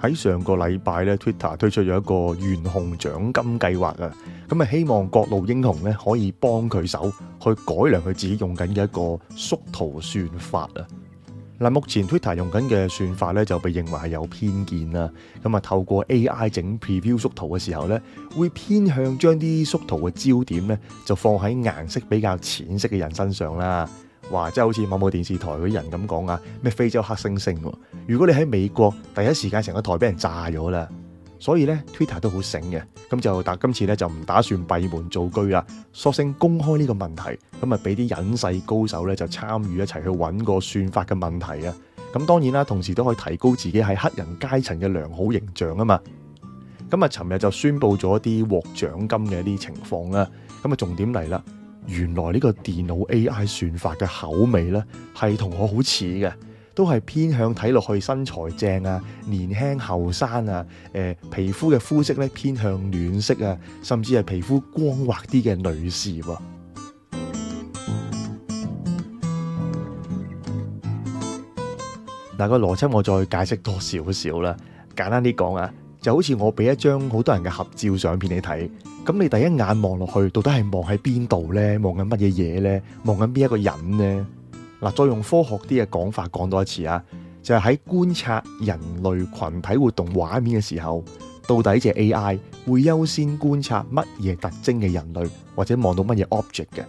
喺上個禮拜咧，Twitter 推出咗一個懸紅獎金計劃啊，咁啊希望各路英雄咧可以幫佢手去改良佢自己用緊嘅一個縮圖算法啊。嗱，目前 Twitter 用緊嘅算法咧就被認為係有偏見啦，咁啊透過 AI 整 preview 縮圖嘅時候咧，會偏向將啲縮圖嘅焦點咧就放喺顏色比較淺色嘅人身上啦。哇！即係好似某某電視台啲人咁講啊，咩非洲黑猩猩？如果你喺美國，第一時間成個台俾人炸咗啦。所以呢 Twitter 都好醒嘅，咁就但今次呢就唔打算閉門造車啦，索性公開呢個問題，咁啊俾啲隱世高手呢就參與一齊去揾個算法嘅問題啊。咁當然啦，同時都可以提高自己喺黑人階層嘅良好形象啊嘛。咁啊，尋日就宣布咗啲獲獎金嘅一啲情況啦。咁啊，重點嚟啦。原來呢個電腦 AI 算法嘅口味呢，係同我好似嘅，都係偏向睇落去身材正啊、年輕後生啊、誒、呃、皮膚嘅膚色呢偏向暖色啊，甚至係皮膚光滑啲嘅女士喎，啊。嗱，那個邏輯我再解釋多少少啦，簡單啲講啊。就好似我俾一張好多人嘅合照相片你睇，咁你第一眼望落去，到底係望喺邊度呢？望緊乜嘢嘢呢？望緊邊一個人呢？嗱，再用科學啲嘅講法講多一次啊，就係喺觀察人類群體活動畫面嘅時候，到底隻 AI 會優先觀察乜嘢特徵嘅人類，或者望到乜嘢 object 嘅？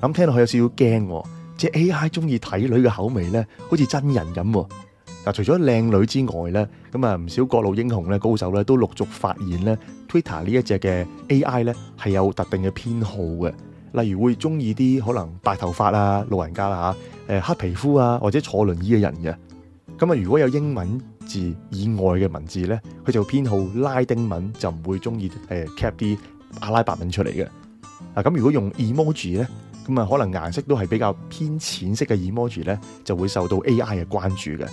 咁聽落去有少少驚，喎，隻 AI 中意睇女嘅口味呢，好似真人咁。嗱，除咗靚女之外咧，咁啊唔少各路英雄咧高手咧都陸續發現咧，Twitter 呢一隻嘅 AI 咧係有特定嘅偏好嘅，例如會中意啲可能白頭髮啊、老人家啦嚇，誒黑皮膚啊或者坐輪椅嘅人嘅。咁啊，如果有英文字以外嘅文字咧，佢就偏好拉丁文，就唔會中意誒 cap 啲阿拉伯文出嚟嘅。嗱，咁如果用 emoji 咧，咁啊可能顏色都係比較偏淺色嘅 emoji 咧，就會受到 AI 嘅關注嘅。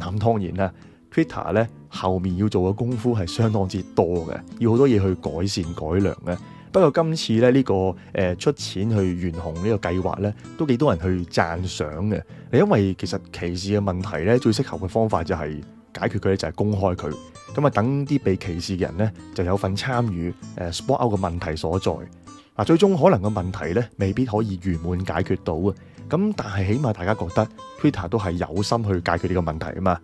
咁當然啦 Twitter 咧後面要做嘅功夫係相當之多嘅，要好多嘢去改善改良嘅。不過今次咧、這、呢個誒、呃、出錢去懸紅這個計劃呢個計劃咧，都幾多人去讚賞嘅。係因為其實歧視嘅問題咧，最適合嘅方法就係解決佢就係、是、公開佢，咁啊等啲被歧視嘅人咧就有份參與誒 Spot Out 嘅問題所在。嗱，最終可能個問題咧，未必可以圓滿解決到啊。咁但係起碼大家覺得 Twitter 都係有心去解決呢個問題啊嘛。